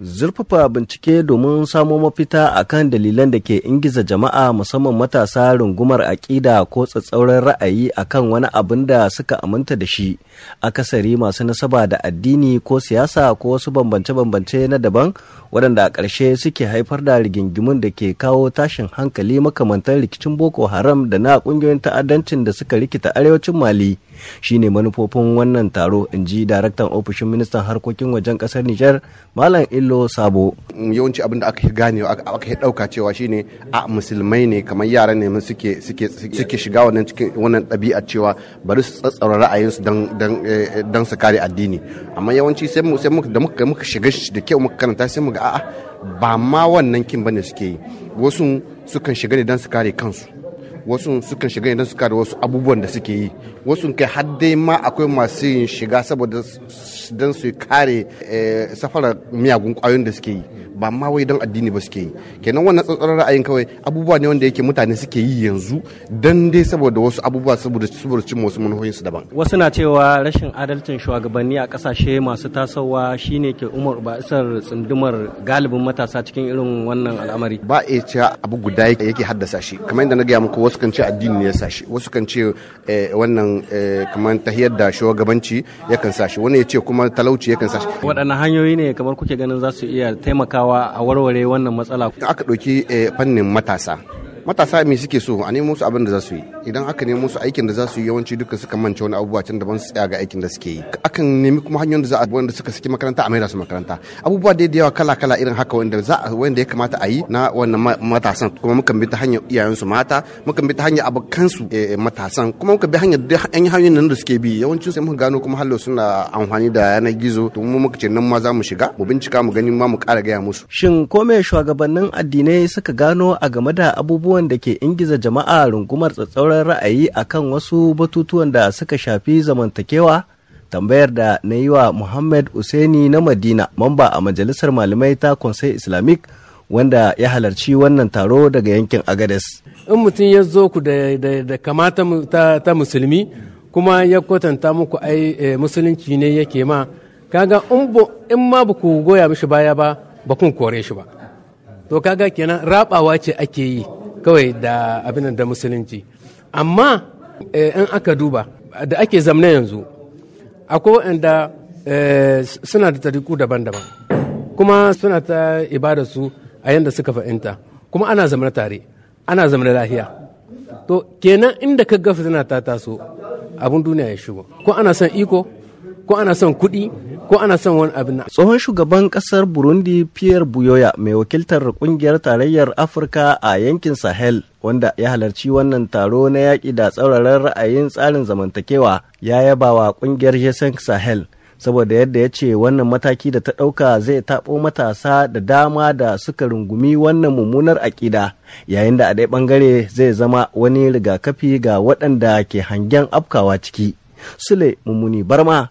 zurfafa bincike domin samo mafita a kan dalilan da ke ingiza jama'a musamman matasa rungumar aƙida ko tsatsauran ra'ayi a kan wani abin da suka aminta da shi akasari masu nasaba da addini ko siyasa ko wasu bambance-bambance na daban waɗanda a ƙarshe suke haifar da rigingimun da ke kawo tashin hankali makamantan rikicin boko haram da na ƙungiyoyin ta'addancin da suka rikita arewacin mali shine manufofin wannan taro in ji daraktan ofishin ministan harkokin wajen ƙasar nijar malam illo sabo yawanci abin da aka yi gane aka yi ɗauka cewa shine a musulmai ne kamar yara ne suke suke shiga wannan cikin wannan ɗabi'a cewa bari su tsatsara ra'ayinsu eh, don su kare addini amma yawanci sai mu da muka shiga da kyau muka karanta sai mu a'a ba ma wannan kin bane suke yi wasu sukan shiga ne don su kare kansu wasu sukan shiga idan suka da wasu abubuwan da suke yi wasu kai har dai ma akwai masu yin shiga saboda don su kare eh, safarar miyagun kwayoyin da suke yi ba ma wai don addini ba suke yi kenan wannan tsantsarar ra'ayin kawai abubuwa ne wanda yake mutane suke yi yanzu don dai saboda wasu abubuwa saboda saboda cin wasu manuhoyin su daban wasu na cewa rashin adalcin shugabanni a kasashe masu tasowa shine ke umar ba isar tsundumar galibin matasa cikin irin wannan al'amari ba a cewa abu guda yake haddasa shi kamar yadda na gaya muku wasu kan ce addini ne ya sashi wasu kan ce eh, wannan eh, kamar hiyar da shugabanci yakan sashi wani ya ce kuma talauci yakan sashi waɗanne hanyoyi ne kamar kuke ganin za su iya taimakawa a warware wannan matsala aka ɗauki eh, fannin matasa matasa me suke so a nemo su abin da za su yi idan aka nemo su aikin da za su yi yawanci duka suka manta wani abubuwa can daban su tsaya ga aikin da suke yi akan nemi kuma hanyoyin da za a wanda suka saki makaranta a maida su makaranta abubuwa da yawa kala kala irin haka wanda za a wanda ya kamata a yi na wannan matasan kuma mukan bi ta hanyar iyayensu mata mukan bi ta hanyar abokansu eh, eh, matasan kuma muka bi hanyar an yi hanyoyin nan da suke bi yawanci sai mun gano kuma hallo suna amfani da yanar gizo to mu muka ce nan ma za mu shiga mu bincika mu gani ma mu kara gaya musu shin ko me shugabannin addinai suka gano a game da abubuwan abubuwan da ke ingiza jama'a rungumar tsatsauran ra'ayi a kan wasu batutuwan da suka shafi zamantakewa tambayar da na yi wa Muhammad Useni na Madina mamba a majalisar malamai ta Konsai Islamic wanda ya halarci wannan taro daga yankin Agades. In mutum ya zo ku da, kamata ta, musulmi kuma ya kwatanta muku ai eh, musulunci ne yake ma kaga in ma ba ku goya mishi baya ba ba kun kore shi ba. To kaga kenan rabawa ce ake yi. kawai da abin da musulunci amma eh, in aka duba da ake zamna yanzu akwai waɗanda eh, suna da tariku daban-daban kuma suna ta ibada su a yadda suka fahimta kuma ana zamna tare ana zamna lahiya to kenan inda ka gafi suna ta taso abin duniya ya shigo ko ana son iko ko ana son kuɗi ko ana son wani abin Tsohon shugaban ƙasar Burundi Pierre Buyoya mai wakiltar ƙungiyar tarayyar Afirka a yankin Sahel wanda ya halarci wannan taro na yaƙi da tsauraran ra'ayin tsarin zamantakewa ya yaba wa kungiyar Jason Sahel saboda yadda ya ce wannan mataki da ta ɗauka zai taɓo matasa da dama da suka rungumi wannan mummunar aƙida yayin da a ɗaya ɓangare zai zama wani rigakafi ga waɗanda ke hangen afkawa ciki. Sule Mummuni Barma